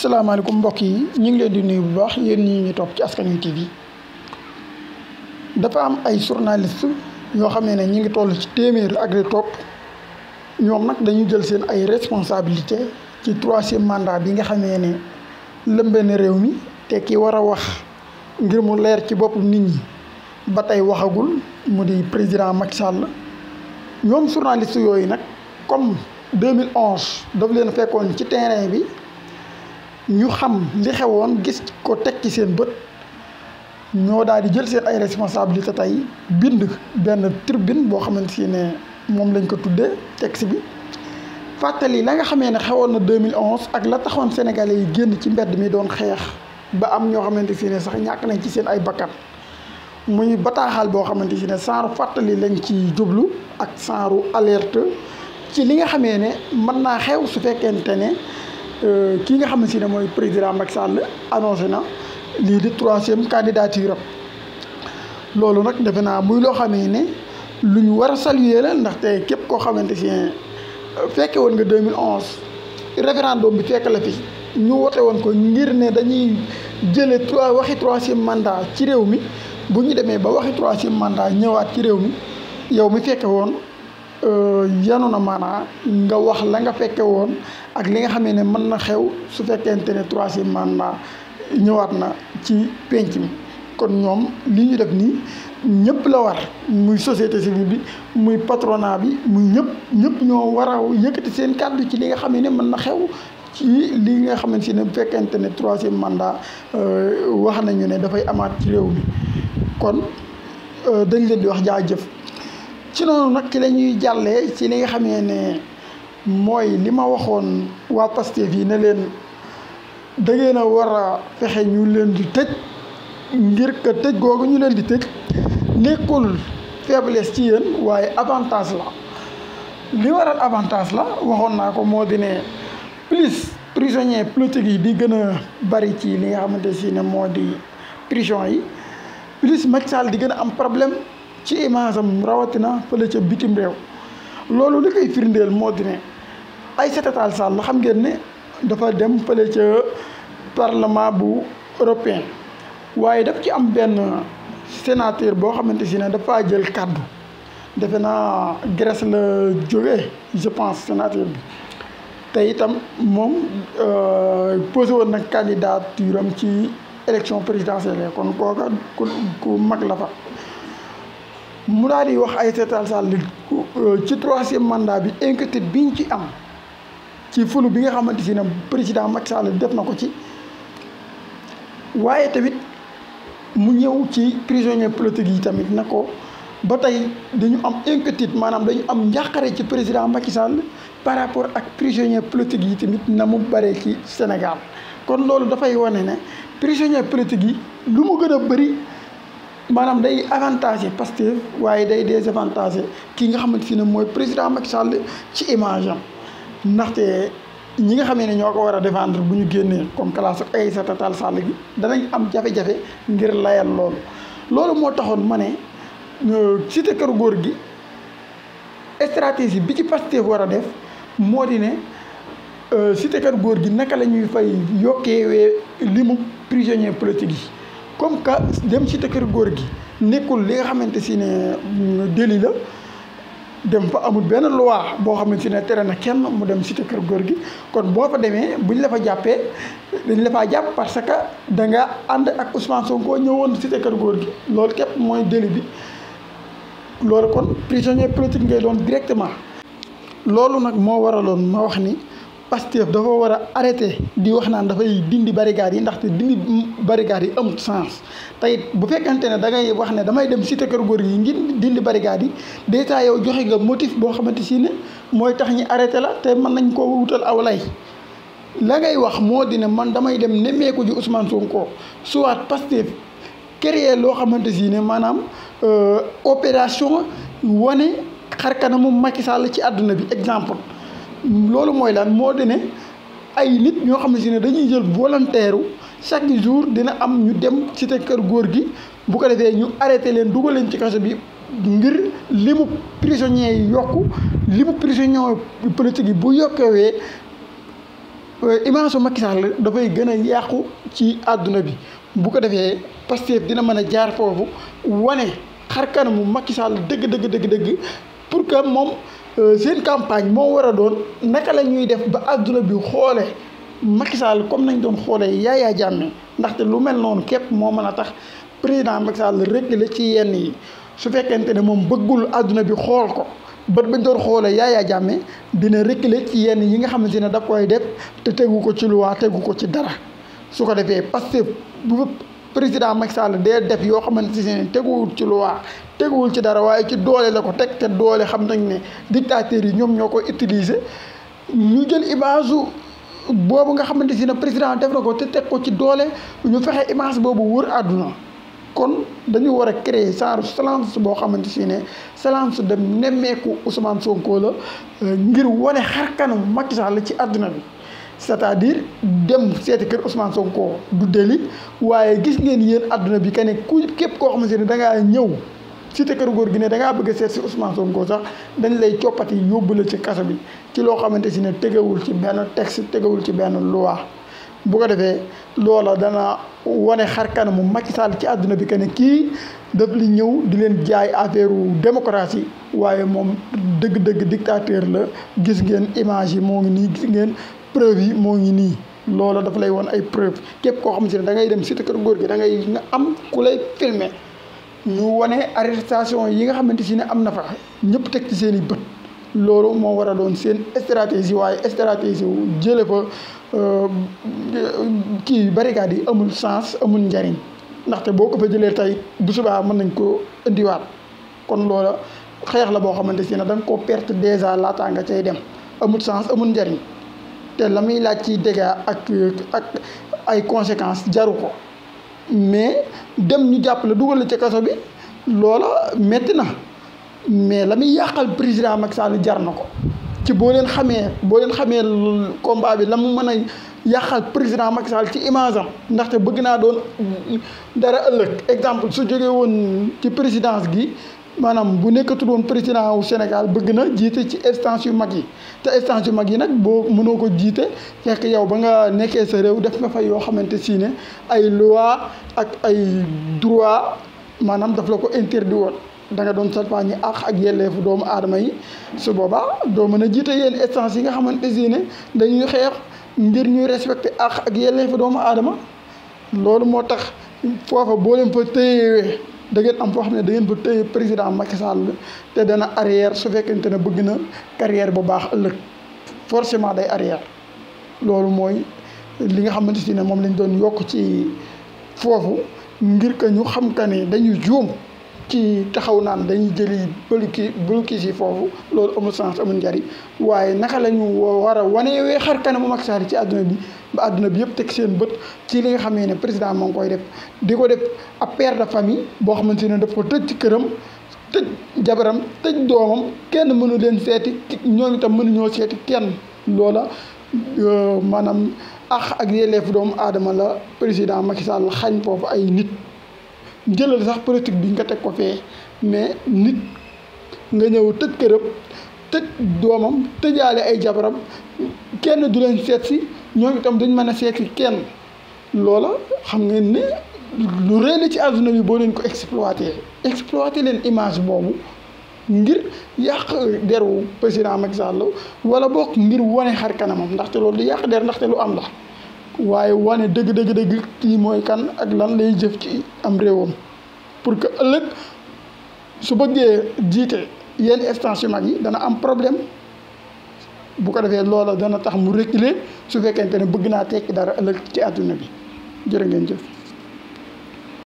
salaamaaleykum mbokk yi ñu ngi leen di nuyu bu baax yéen ñi ngi topp ci askan wi TV dafa am ay journaliste yoo xamee ne ñu ngi toll ci téeméer ak di topp ñoom nag dañu jël seen ay responsabilité ci troisième mandat bi nga xamee ne lëmbe réew mi te ki war a wax ngir mu leer ci boppu nit ñi ba tey waxagul mu di président Macky Sall ñoom journaliste yooyu nag comme 2011 daf leen fekkoon ci terrain bi. ñu xam li xewoon gis ko teg ci seen bët ñoo daal di jël seen ay responsabilité tey bind benn tribune boo xamante ne moom lañ ko tuddee tex bi fàttali la nga xamee ne xewoon na 2011 ak la taxoon sénégalais yi génn ci mbedd mi doon xeex ba am ñoo xamante si ne sax ñàkk nañ ci seen ay bakkan muy bataaxal boo xamante si ne saaru fàttali lañ ci jublu ak saaru alerte ci li nga xamee ne mën naa xew su fekkente ne Euh, kii nga xam ne si ne mooy président Macky sàll annoncé na lii di troisième candidature am loolu nag defe naa muy loo xamee ne lu ñu war a saluer la ndaxte képp koo xamante si fekke woon nga 2011 référendum bi fekk la fi ñu wote woon ko ngir ne dañuy jële trois waxi troisième mandat ci réew mi bu ñu demee ba waxi troisième mandat ñëwaat ci réew mi yow mi fekke woon Euh, yanu na maanaa nga wax la nga fekke woon ak li nga xamee ne mën na xew su fekkente ne troisième mandat ñëwaat na ci penc mi kon ñoom li ñu def nii ñëpp la war muy société civile bi muy patronat bi muy ñëpp ñëpp ñoo war a yëkkati seen kàddu ci li nga xamee ne mën na xew ci li nga xamante ne bu fekkente ne troisième mandat euh, wax nañu ne dafay amaat ci réew mi kon euh, dañ leen di wax jaajëf ci noonu nag ci la ñuy jàllee ci li nga xamee ne mooy li ma waxoon waa Pastef yi ne leen da ngeen a war a fexe ñu leen di tëj ngir que tëj googu ñu leen di tëj nekkul faiblesse ci yéen waaye avantage la li waral avantage la waxoon naa ko moo di ne plus prisonniers politiques yi di gën a bari ci li nga xamante si ne moo di prison yi plus Macky Sall di gën a am problème ci image rawatina fële ca bitim réew loolu li koy moo di ne Aïssata Tall Sall xam ngeen ne dafa dem fële ca parlement bu européen waaye daf ci am benn sénateur boo xamante si ne dafa jël kàddu defe naa Grèce la jógee je pense sénateur bi te itam moom euh, posé woon na candidature am ci élection présidentielle kon kooka ku mag la fa mu daal di wax Aïssata Tall Sall euh, ci troisième mandat bi inquiétude bi ñu ci am ci fulu bi nga xamante si ne président Macky Sall def na ko ci waaye tamit mu ñëw ci prisonnier politique yi tamit na ko ba tey dañu am inquiétude maanaam dañu am njàqare ci président Macky Sall par rapport ak prisonnier politique yi tamit na mu bare ci Sénégal kon loolu dafay wane ne prisonnier politique yi lu mu gën a bëri. maanaam day avantage Pastef waaye day désavantage ki nga xamante si ne mooy président Macky Sall ci image ndaxte ñi nga xamee ne ñoo ko war a défendre bu ñu génnee comme classe ak Aïssata Tall Sall gi danañ am jafe-jafe ngir layal loolu loolu moo taxoon ma ne euh, cité kër góor gi stratégie bi ci Pastef war a def moo di ne euh, cité kër góor gi naka la ñuy fay yokkeewee limu prisonnier politique yi comme ka dem ci kër gor gui nekul li nga xamante si ne mm, la dem fa amul ben loi bo xamante si ne tere na kenn mu dem ci kër gor gui kon bo fa demé buñ la fa jappé dañ la fa japp parce que da nga and ak Ousmane Sonko ñëwoon ci kër gor gui lool kep moy deli bi lool kon prisonnier politique ngay doon directement loolu nak mo waralon ma wax ni Pastef dafa war a arrêté di wax naan dafay dindi barricade yi ndaxte dindi barricade yi amut sens tey bu fekkante ne da ngay wax ne damay dem cité kër góor yi ngir dindi barricade yi déjà yow joxe nga motif boo xamante si ne mooy tax ñu arrêté la te mën nañ koo wutal aw lay la ngay wax moo dina man damay dem nemmeeku ji Ousmane Sonko soit Pastef créé loo xamante si ne maanaam euh, opération wane xar kanamu Macky Sall ci àdduna bi exemple. loolu mooy laan moo de ne ay nit ñoo xam ne si ne dañuy jël volontaire chaque jour dina am ñu dem ci te kër góor gi bu ko defee ñu arrêté leen dugal leen ci kaso bi ngir limu prisonniers yi yokku limu prisonniers politique yi bu yokkewee euh, image su Macky Sall dafay gën a yàqu ci àdduna bi bu ko defee Pastef dina mën a jaar foofu wane xar kanamu Macky Sall dëgg dëgg dëgg dëgg pour que moom Euh, seen campagne moo war a doon naka la ñuy def ba adduna bi xoole Macky Sall comme nañ doon xoole Yaya Jammeh ndaxte lu mel noonu képp moo mën a tax président Macky Sall réglé ci yenn yi su fekkente ne moom bëggul àdduna bi xool ko bët bañ doon xoolee Yaya Jammeh dina réglé ci yenn yi nga xamante ne da koy def te tegu ko ci luwaa tegu ko ci dara su ko defee Pastef bu président Macky Sall dee def yoo xamante ne teguwul ci loi teguwul ci dara waaye ci doole la ko teg te doole xam nañ ne dictateurs yi ñoom ñoo ko utiliser ñu jël image boobu nga xamante si ne président def na ko te teg ko ci doole ñu fexe image boobu wër àdduna kon dañu war a créer genre silence boo xamante si ne silence dem nemmeeku Ousmane Sonko la ngir wane xar kanam Macky Sall ci àdduna bi c'est-à-dire dem seeti kër Ousmane Sonko du délit waaye gis ngeen yéen àdduna bi kane ku képp koo xamante ne da ngaa ñëw ci te kër góor gi ne da ngaa bëgg seet si Ousmane Sonko sax dañ lay coppati yóbbu la ci kaso bi ci loo xamante si ne tegewul ci benn texte tegewul ci benn loi bu ko defee loola dana wane xar kanamu Macky Sall ci àdduna bi kane kii daf li ñëw di leen jaay affaire démocratie waaye moom dëgg-dëgg dictateur la gis ngeen image yi moo ngi nii gis ngeen. preuve yi mo ngi ni lolo da fay won ay preuve kep ko xam da ngay dem cité kër góor gi da ngay nga am ku lay filmer ñu woné arrestation yi nga xamante si ne am na fa ñepp tek ci seeni beut lolo mo wara war doon seen stratégie way stratégie wu jële fa euh, ki barricade yi amul sens amul njariñ ndax te boko fa jëlee tay bu suba mën nañ ko indiwaat kon lolo xex la bo xamante si ne da nga koo perte dèjà laataa nga cey dem amul sens amul njariñ te la muy laaj ci dégâts ak ak ay conséquences jaru ko mais dem ñu jàpp la dugal la ci kaso bi loola metti na mais la muy yàqal président Macky jar na ko ci boo leen xamee boo leen xamee combat bi la mu mën a yàqal président Macky ci image am ndaxte bëgg naa doon dara ëllëg exemple su jógee woon ci présidence gi maanaam bu nekkatu woon président wu Sénégal bëgg na jiite ci instance yu mag yi te instance yu mag yi nag boo mënoo ko jiite fekk yow ba nga nekkee sa réew def nga yoo xamante si ne ay loi ak ay droit maanaam daf la ko interdit woon da nga doon salfaañi àq ak yelleefu doomu aadama yi su boobaa doo mën a jiite yenn instance yi nga xamante si ne dañuy xeex ngir ñuy respecté àq ak yelleefu doomu aadama loolu moo tax foofa boo leen fa téyewee da ngeen am foo xam ne da ngeen fa téye président Macky Sall te dana arrière su fekkente ne bëgg na carrière bu baax ëllëg forcément day arrière loolu mooy li nga xamante si ne moom lañ doon yokk ci foofu ngir ko ñu xam ka ne dañuy juum. ci taxaw naan dañuy jëli bëlki bëlki si foofu loolu amul sens amul njariñ waaye naka la ñu war a wanewee xar kanamu Macky Sall ci àdduna bi ba àdduna bi yëpp teg seen bët ci li nga xamee ne président moo ngi koy def di ko def ab père de famille boo xamante ne daf ko tëj ci këram tëj jabaram tëj doomam kenn mënu leen seeti ñoom itam mënuñoo seeti kenn loola euh, maanaam ax ak yelleef doomu aadama la président Macky Sall xañ foofu ay nit jëlal sax politique bi nga teg ko fee mais nit nga ñëw tëj këram tëj doomam tëjaale ay jabaram kenn du leen seet si ñoom itam dañ mën a seet kenn loola xam nga ne lu rëy la ci adduna bi boo leen ko exploité exploité leen image boobu ngir yàq deru président Macky Sall wala bokk ngir wane xar kanamam ndaxte loolu du yàq der ndaxte lu am la waaye wane dëgg dëgg dëgg kii mooy kan ak lan lay jëf ci am réewam pour que ëllëg su bëggee jiite yenn instance mag yi dana am problème bu ko defee loola dana tax mu reculer su fekkente ne bëgg naa tekki dara ëllëg ci àdduna bi jërë ngeen jëf